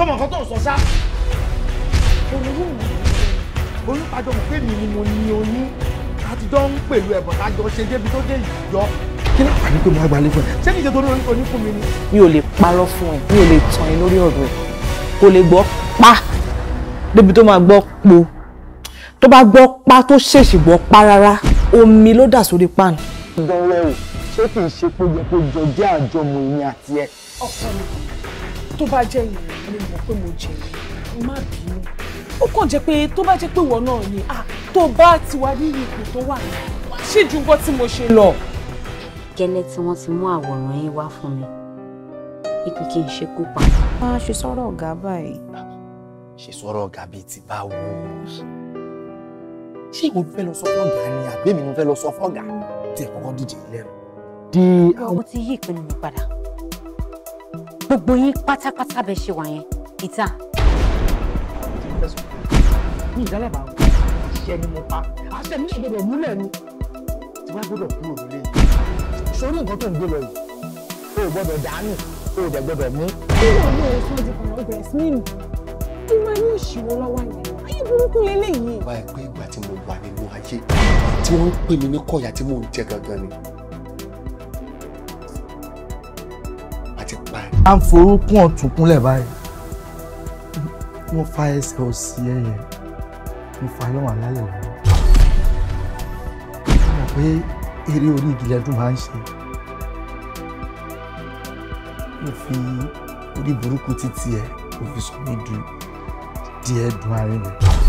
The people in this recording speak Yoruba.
sọmọ nǹkan tó ń sọ ṣá. olówó oyún tajọ mọ̀ pé mi ni mo ní oyún láti jọ ń pẹ̀lú ẹ̀bọ̀n tájọ ṣe débi tó dé ìjọ kí ló pàdé pé mo àgbà lé fún ẹ ṣé kìí ṣe torí oyún fún mi ni. mi ò lè parọ́ fún ẹ mi ò lè tàn ẹ lórí ọ̀rọ̀ ẹ kò lè gbọ́ pa débi tó máa gbọ́ po tó bá gbọ́ pa tó ṣèṣì gbọ́ pa rárá omi ló dà sórí pan. ìdánwò ṣé kìí ṣe pé yẹ kó jọ jẹ́ àjọmọ̀ èmi àti ẹ. ọkọ mi tó bá jẹ́ yẹn ni mo pé mo jẹ má bínú ó kàn jẹ́ pé tó bá jẹ́ pé ìwọ náà ni à tó bá ti wà ní ipò tó wà ní ṣé ju nǹkan tí mo ṣe lọ. gẹ́lẹ́ tí wọ́n ti mú àwòrán yín wá fún mi ipò kí n ṣekú pa. má ṣe sọ̀rọ̀ ọ̀gá báyìí. ṣe sọ̀rọ̀ ọ̀gá bíi ti báwo ṣé ìwọ fẹ́ lọ sọ fún ọ̀gá ni àbí èmi ni mo fẹ́ lọ sọ fún ọ̀gá tí ẹ̀kọ́ díje di àwọn. mo ti yí ìpinnu mi padà gbogbo yín pátápátá bẹ ṣe wà yẹn ìta. mi ìdálẹ̀ bá wọ ṣiṣẹ́ ni mo pa àṣẹ mi gbọdọ̀ múlẹ̀ ni tí wàá gbọdọ̀ kúrò nílé yìí sórí nǹkan tó ń gbé lọ yìí o ò gbọdọ̀ dànù o ò dẹ̀ gbọdọ̀ mú. kí ló ń bẹ̀rẹ̀ sí ọdún kan ọgbẹ̀rẹ̀ sí nínú kí máa ní ìṣòro lọ́wọ́ yẹn ayé burúkú lélẹ́yìí. báyìí pé ìgbà tí mo wà nínú ayé tí wọ́n ń pè mí ní kọ̀yà tí mò ń jẹ gangan ni láti pa ẹ. a ń forúkún ọ̀tún kúnlẹ̀ báyìí wọ́n fa ẹsẹ̀ òsì ẹ yẹn mo fa lọ́wọ́ alálẹ̀ wọ́n. mo mọ̀ pé eré orí ìgìlẹ̀ dùn máa ń ṣe. mo fi orí burúkú títí ẹ mo fi sọ mí du díẹ̀ dùn arìnrìn.